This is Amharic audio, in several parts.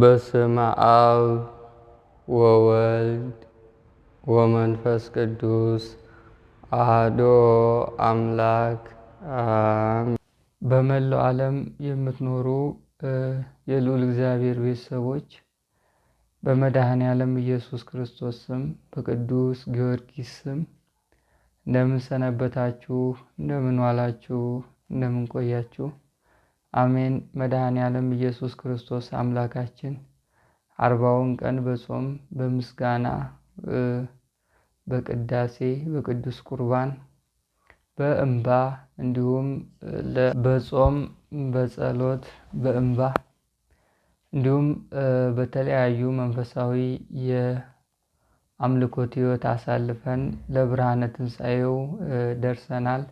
በስመ አብ ወወልድ ወመንፈስ ቅዱስ አሐዱ አምላክ። በመላው ዓለም የምትኖሩ የልዑል እግዚአብሔር ቤተሰቦች በመድኃኔ ዓለም ኢየሱስ ክርስቶስ ስም በቅዱስ ጊዮርጊስ ስም እንደምን ሰነበታችሁ? እንደምን ዋላችሁ? እንደምን ቆያችሁ? አሜን። መድኃኔ ዓለም ኢየሱስ ክርስቶስ አምላካችን አርባውን ቀን በጾም በምስጋና በቅዳሴ በቅዱስ ቁርባን በእምባ እንዲሁም በጾም በጸሎት በእንባ እንዲሁም በተለያዩ መንፈሳዊ የአምልኮት ሕይወት አሳልፈን ለብርሃነ ትንሣኤው ደርሰናል።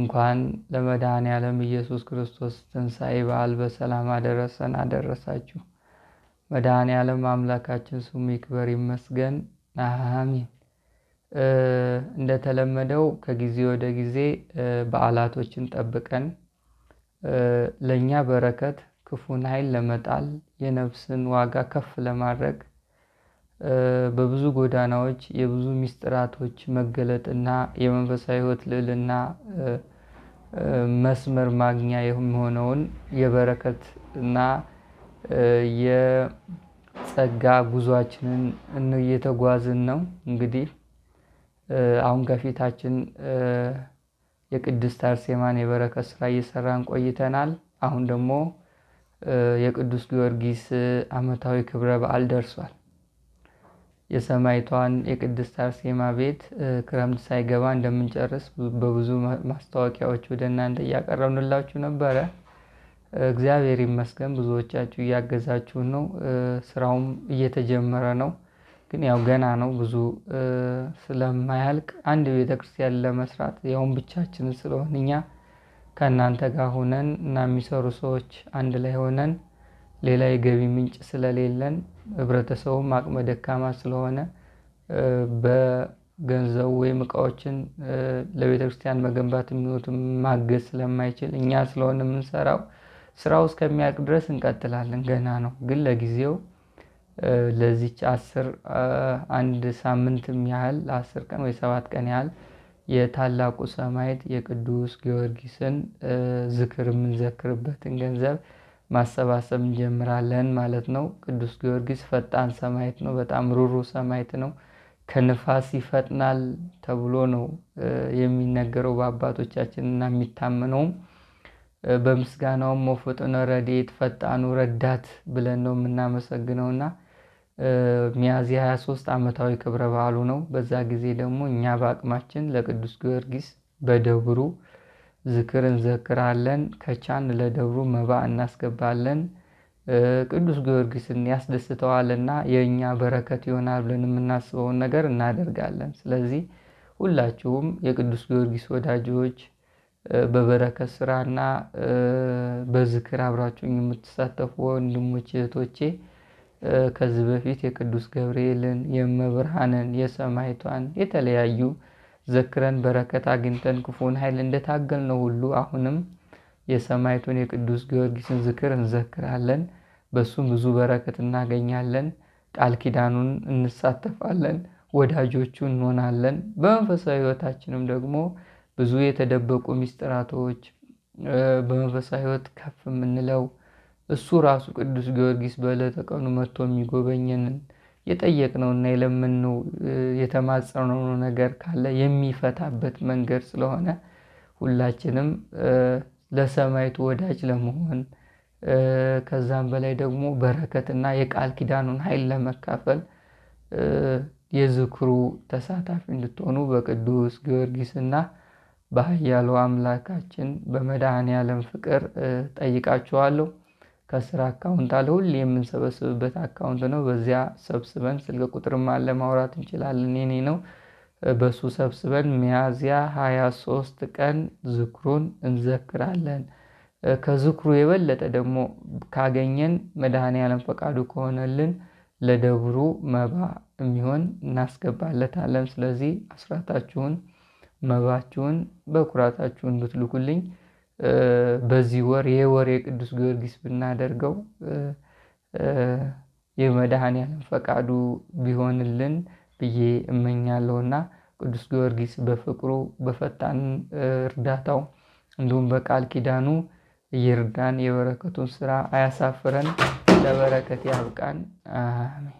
እንኳን ለመድኃኔ ዓለም ኢየሱስ ክርስቶስ ትንሣኤ በዓል በሰላም አደረሰን አደረሳችሁ። መድኃኔ ዓለም አምላካችን ስሙ ይክበር ይመስገን። አሚን። እንደተለመደው ከጊዜ ወደ ጊዜ በዓላቶችን ጠብቀን ለእኛ በረከት ክፉን ኃይል ለመጣል የነፍስን ዋጋ ከፍ ለማድረግ በብዙ ጎዳናዎች የብዙ ሚስጥራቶች መገለጥ እና የመንፈሳዊ ህይወት ልዕልና መስመር ማግኛ የሆነውን የበረከት እና የጸጋ ጉዟችንን እየተጓዝን ነው። እንግዲህ አሁን ከፊታችን የቅድስት አርሴማን የበረከት ስራ እየሰራን ቆይተናል። አሁን ደግሞ የቅዱስ ጊዮርጊስ ዓመታዊ ክብረ በዓል ደርሷል። የሰማይቷን የቅድስት አርሴማ ቤት ክረምት ሳይገባ እንደምንጨርስ በብዙ ማስታወቂያዎች ወደ እናንተ እያቀረብንላችሁ ነበረ። እግዚአብሔር ይመስገን ብዙዎቻችሁ እያገዛችሁ ነው። ስራውም እየተጀመረ ነው፣ ግን ያው ገና ነው። ብዙ ስለማያልቅ አንድ ቤተክርስቲያን ለመስራት ያውም ብቻችንን ስለሆን እኛ ከእናንተ ጋር ሆነን እና የሚሰሩ ሰዎች አንድ ላይ ሆነን ሌላ የገቢ ምንጭ ስለሌለን ህብረተሰቡም አቅመ ደካማ ስለሆነ በገንዘቡ ወይም እቃዎችን ለቤተ ክርስቲያን መገንባት የሚወቱ ማገዝ ስለማይችል እኛ ስለሆነ የምንሰራው ስራው እስከሚያልቅ ድረስ እንቀጥላለን። ገና ነው። ግን ለጊዜው ለዚች አስር አንድ ሳምንትም ያህል አስር ቀን ወይ ሰባት ቀን ያህል የታላቁ ሰማዕት የቅዱስ ጊዮርጊስን ዝክር የምንዘክርበትን ገንዘብ ማሰባሰብ እንጀምራለን ማለት ነው። ቅዱስ ጊዮርጊስ ፈጣን ሰማዕት ነው። በጣም ሩሩ ሰማዕት ነው። ከንፋስ ይፈጥናል ተብሎ ነው የሚነገረው በአባቶቻችን እና የሚታመነውም በምስጋናውም ወፍጡነ ረድኤት ፈጣኑ ረዳት ብለን ነው የምናመሰግነውና ሚያዝያ 23 ዓመታዊ ክብረ በዓሉ ነው። በዛ ጊዜ ደግሞ እኛ በአቅማችን ለቅዱስ ጊዮርጊስ በደብሩ ዝክር እንዘክራለን። ከቻን ለደብሩ መባ እናስገባለን። ቅዱስ ጊዮርጊስን ያስደስተዋልና የእኛ በረከት ይሆናል ብለን የምናስበውን ነገር እናደርጋለን። ስለዚህ ሁላችሁም የቅዱስ ጊዮርጊስ ወዳጆች በበረከት ስራና በዝክር አብራችሁ የምትሳተፉ ወንድሞች እህቶቼ ከዚህ በፊት የቅዱስ ገብርኤልን፣ የመብርሃንን፣ የሰማይቷን የተለያዩ ዘክረን በረከት አግኝተን ክፉን ኃይል እንደታገልነው ሁሉ አሁንም የሰማዕቱን የቅዱስ ጊዮርጊስን ዝክር እንዘክራለን። በእሱም ብዙ በረከት እናገኛለን። ቃል ኪዳኑን እንሳተፋለን። ወዳጆቹ እንሆናለን። በመንፈሳዊ ሕይወታችንም ደግሞ ብዙ የተደበቁ ሚስጥራቶች በመንፈሳዊ ሕይወት ከፍ የምንለው እሱ ራሱ ቅዱስ ጊዮርጊስ በዕለተ ቀኑ መጥቶ የሚጎበኘንን የጠየቅነውና የለመንነው የተማጸነው ነገር ካለ የሚፈታበት መንገድ ስለሆነ ሁላችንም ለሰማይቱ ወዳጅ ለመሆን ከዛም በላይ ደግሞ በረከትና የቃል ኪዳኑን ኃይል ለመካፈል የዝክሩ ተሳታፊ እንድትሆኑ በቅዱስ ጊዮርጊስና በኃያሉ አምላካችን በመድኃኔ ዓለም ፍቅር ጠይቃችኋለሁ። ከስራ አካውንት አለ ሁሌ የምንሰበስብበት አካውንት ነው። በዚያ ሰብስበን ስልክ ቁጥርም አለ ማውራት እንችላለን የኔ ነው። በሱ ሰብስበን ሚያዝያ 23 ቀን ዝክሩን እንዘክራለን። ከዝክሩ የበለጠ ደግሞ ካገኘን መድኃኒዓለም ፈቃዱ ከሆነልን ለደብሩ መባ የሚሆን እናስገባለታለን። ስለዚህ አስራታችሁን መባችሁን በኩራታችሁ እንድትልኩልኝ በዚህ ወር ይሄ ወር የቅዱስ ጊዮርጊስ ብናደርገው የመድኃኔዓለም ፈቃዱ ቢሆንልን ብዬ እመኛለሁና ቅዱስ ጊዮርጊስ በፍቅሩ በፈጣን እርዳታው እንዲሁም በቃል ኪዳኑ እየርዳን የበረከቱን ስራ አያሳፍረን፣ ለበረከት ያብቃን። አሜን።